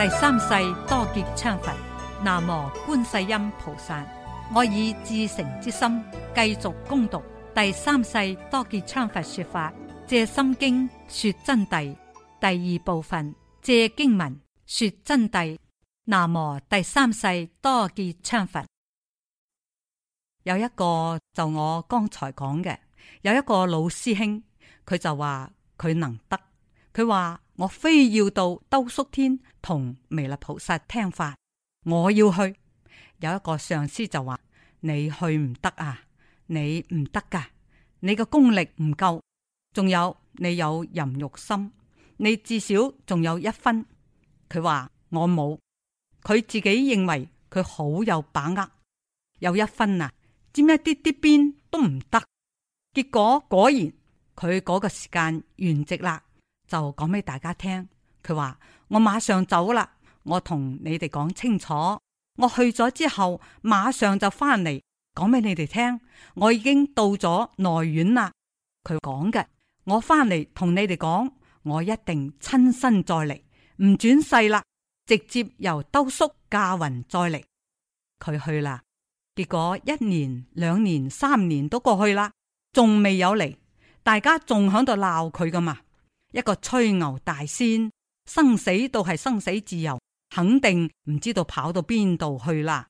第三世多杰羌佛，南無觀世音菩薩。我以至誠之心繼續攻讀第三世多杰羌佛說法，借心經說真諦第二部分，借經文說真諦。南無第三世多杰羌佛。有一個就我剛才講嘅，有一個老師兄，佢就話佢能得，佢話。我非要到兜率天同彌勒菩薩聽法，我要去。有一個上師就話：你去唔得啊，你唔得噶，你個功力唔夠，仲有你有淫欲心，你至少仲有一分。佢話我冇，佢自己認為佢好有把握，有一分啊，沾一啲啲邊都唔得。結果果然，佢嗰個時間圓寂啦。就講俾大家聽，佢話我馬上走啦，我同你哋講清楚，我去咗之後馬上就翻嚟，講俾你哋聽，我已經到咗內院啦。佢講嘅，我翻嚟同你哋講，我一定親身再嚟，唔轉世啦，直接由兜叔駕雲再嚟。佢去啦，結果一年、兩年、三年都過去啦，仲未有嚟，大家仲響度鬧佢噶嘛。一個吹牛大仙，生死都係生死自由，肯定唔知道跑到邊度去啦，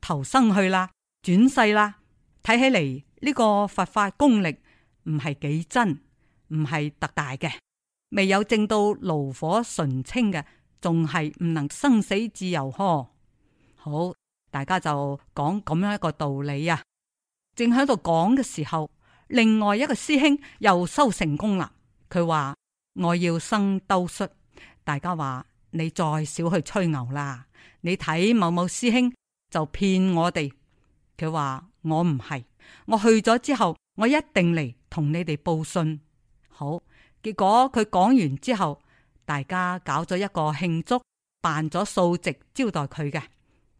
投生去啦，轉世啦。睇起嚟呢個佛法功力唔係幾真，唔係特大嘅，未有正到爐火純青嘅，仲係唔能生死自由呵。好，大家就講咁樣一個道理啊。正喺度講嘅時候，另外一個師兄又收成功啦，佢話。我要生兜率，大家話你再少去吹牛啦！你睇某某師兄就騙我哋，佢話我唔係，我去咗之後，我一定嚟同你哋報信。好，結果佢講完之後，大家搞咗一個慶祝，辦咗素席招待佢嘅。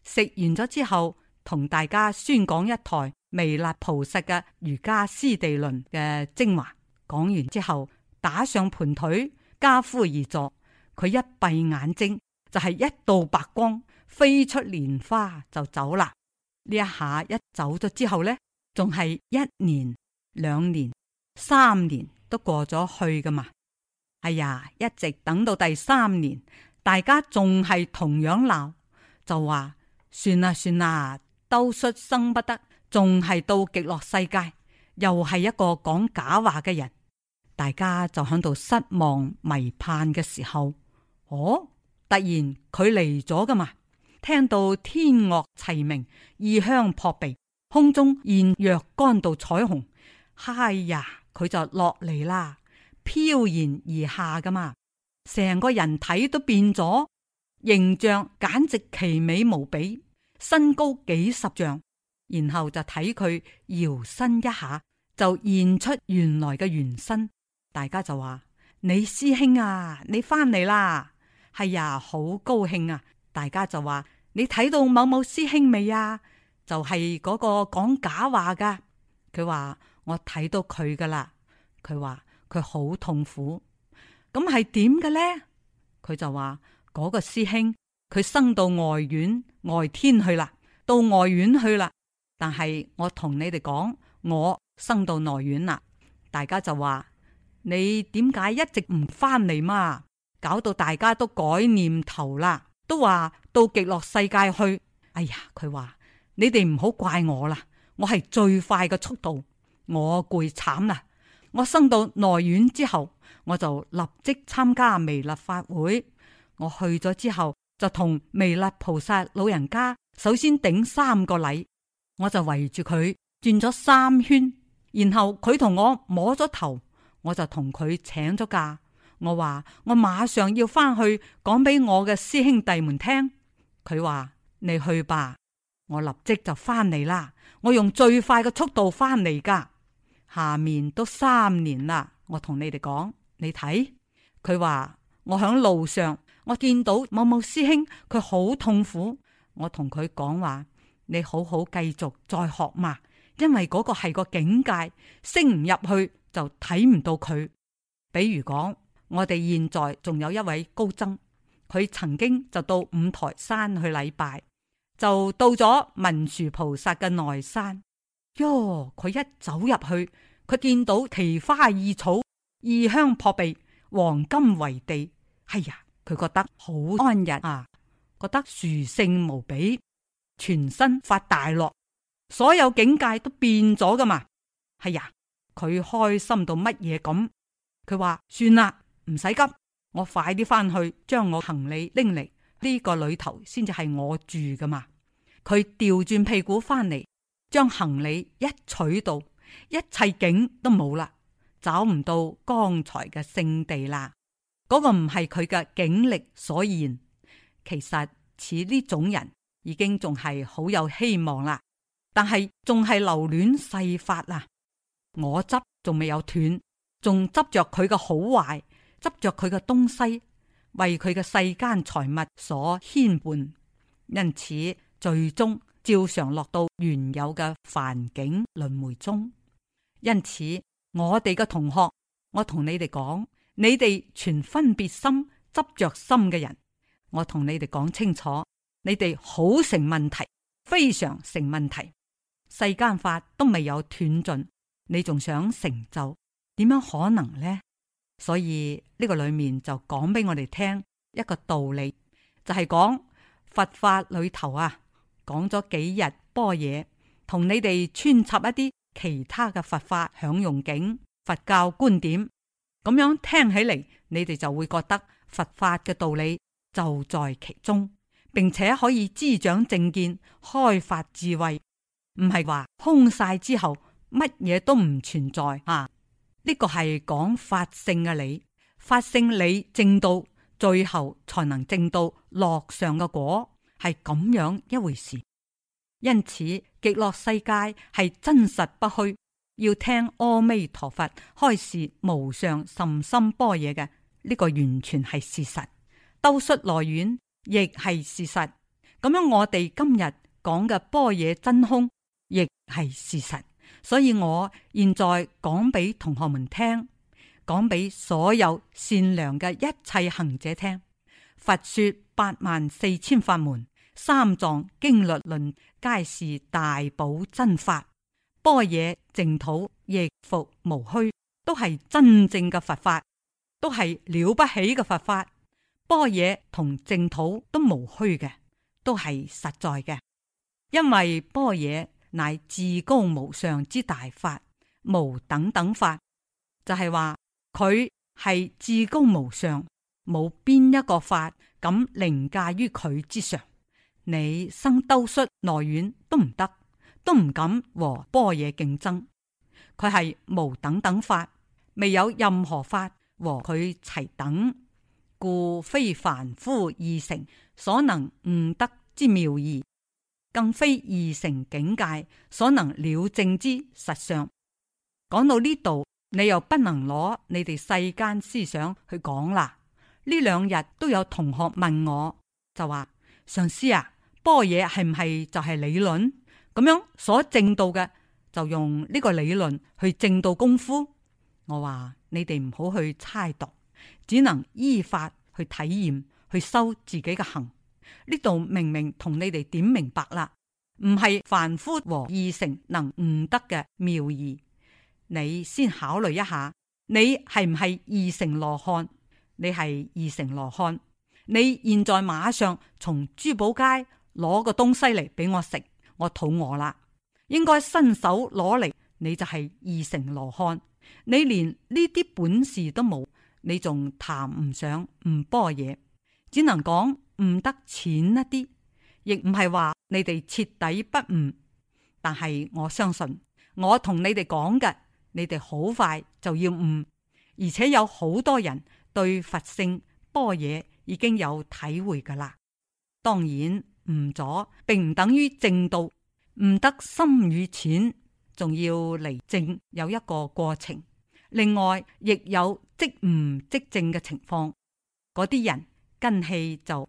食完咗之後，同大家宣講一台彌勒菩薩嘅瑜伽師地論嘅精華。講完之後。打上盤腿，跏趺而坐。佢一閉眼睛，就係、是、一道白光飛出蓮花就走啦。呢一下一走咗之後呢仲係一年、兩年、三年都過咗去噶嘛？哎呀，一直等到第三年，大家仲係同樣鬧，就話算啦算啦，兜率生不得，仲係到極樂世界，又係一個講假話嘅人。大家就喺度失望迷盼嘅時候，哦，突然佢嚟咗噶嘛？聽到天樂齊鳴，異香撲鼻，空中現若干道彩虹。哎呀，佢就落嚟啦，飄然而下噶嘛。成個人體都變咗，形象簡直奇美無比，身高幾十丈。然後就睇佢搖身一下，就現出原來嘅原身。大家就話：你師兄啊，你翻嚟啦，係、哎、呀，好高興啊！大家就話：你睇到某某師兄未啊？就係、是、嗰個講假話噶。佢話：我睇到佢噶啦。佢話：佢好痛苦。咁係點嘅咧？佢就話：嗰、那個師兄，佢生到外院外天去啦，到外院去啦。但係我同你哋講，我生到內院啦。大家就話。你點解一直唔翻嚟嘛？搞到大家都改念頭啦，都話到極樂世界去。哎呀，佢話你哋唔好怪我啦，我係最快嘅速度，我攰慘啦。我升到內院之後，我就立即參加彌勒法會。我去咗之後，就同彌勒菩薩老人家首先頂三個禮，我就圍住佢轉咗三圈，然後佢同我摸咗頭。我就同佢請咗假，我話我馬上要翻去講俾我嘅師兄弟們聽。佢話你去吧，我立即就翻嚟啦。我用最快嘅速度翻嚟噶。下面都三年啦，我同你哋講，你睇。佢話我響路上，我見到某某師兄，佢好痛苦。我同佢講話，你好好繼續再學嘛。因為嗰個係個境界，升唔入去就睇唔到佢。比如講，我哋現在仲有一位高僧，佢曾經就到五台山去禮拜，就到咗文殊菩薩嘅內山。喲，佢一走入去，佢見到奇花異草，異香撲鼻，黃金為地。哎呀，佢覺得好安逸啊，覺得殊勝無比，全身發大樂。所有境界都變咗噶嘛？係、哎、呀，佢開心到乜嘢咁？佢話，算啦，唔使急，我快啲翻去將我行李拎嚟呢個裏頭，先至係我住噶嘛。佢調轉屁股翻嚟，將行李一取到，一切景都冇啦，找唔到剛才嘅勝地啦。嗰、那個唔係佢嘅境力所現。其實似呢種人已經仲係好有希望啦。但係仲係留戀世法啊！我執仲未有斷，仲執着佢嘅好壞，執着佢嘅東西，為佢嘅世間財物所牽絆，因此最終照常落到原有嘅凡境輪回中。因此，我哋嘅同學，我同你哋講，你哋全分別心、執着心嘅人，我同你哋講清楚，你哋好成問題，非常成問題。世間法都未有斷盡，你仲想成就，點樣可能呢？所以呢個裏面就講俾我哋聽一個道理，就係講佛法裏頭啊，講咗幾日般若，同你哋穿插一啲其他嘅佛法享用境、佛教觀點，咁樣聽起嚟，你哋就會覺得佛法嘅道理就在其中，並且可以滋長正見，開發智慧。唔係話空晒之後乜嘢都唔存在吓，呢、啊這個係講法性嘅理，法性理正到最後才能正到樂上嘅果，係咁樣一回事。因此極樂世界係真實不虛，要聽阿彌陀佛開示無上甚深般若嘅呢個完全係事實，兜率內院亦係事實。咁樣我哋今日講嘅般若真空。係事實，所以我現在講俾同學們聽，講俾所有善良嘅一切行者聽。佛說八萬四千法門，三藏經律論皆是大寶真法。般若、淨土亦復無虛，都係真正嘅佛法，都係了不起嘅佛法。般若同淨土都無虛嘅，都係實在嘅，因為般若乃至高無上之大法，無等等法，就係話佢係至高無上，冇邊一個法敢凌駕於佢之上。你生兜率內院都唔得，都唔敢和般若競爭。佢係無等等法，未有任何法和佢齊等，故非凡夫二乘所能悟得之妙義。更非二乘境界所能了證之實相。講到呢度，你又不能攞你哋世間思想去講啦。呢兩日都有同學問我，就話，上師啊，般若係唔係就係理論？咁樣所證到嘅，就用呢個理論去證到功夫。我話你哋唔好去猜度，只能依法去體驗，去修自己嘅行。呢度明明同你哋點明白啦，唔係凡夫和二乘能悟得嘅妙義。你先考慮一下，你係唔係二乘羅漢？你係二乘羅漢？你現在馬上從珠寶街攞個東西嚟俾我食，我肚餓啦，應該伸手攞嚟。你就係二乘羅漢，你連呢啲本事都冇，你仲談唔上唔波嘢，只能講。悟得淺一啲，亦唔係話你哋徹底不悟。但係我相信，我同你哋講嘅，你哋好快就要悟。而且有好多人對佛性般若已經有體會噶啦。當然悟咗並唔等於正道，悟得深與淺，仲要離正有一個過程。另外亦有即悟即正嘅情況，嗰啲人根氣就。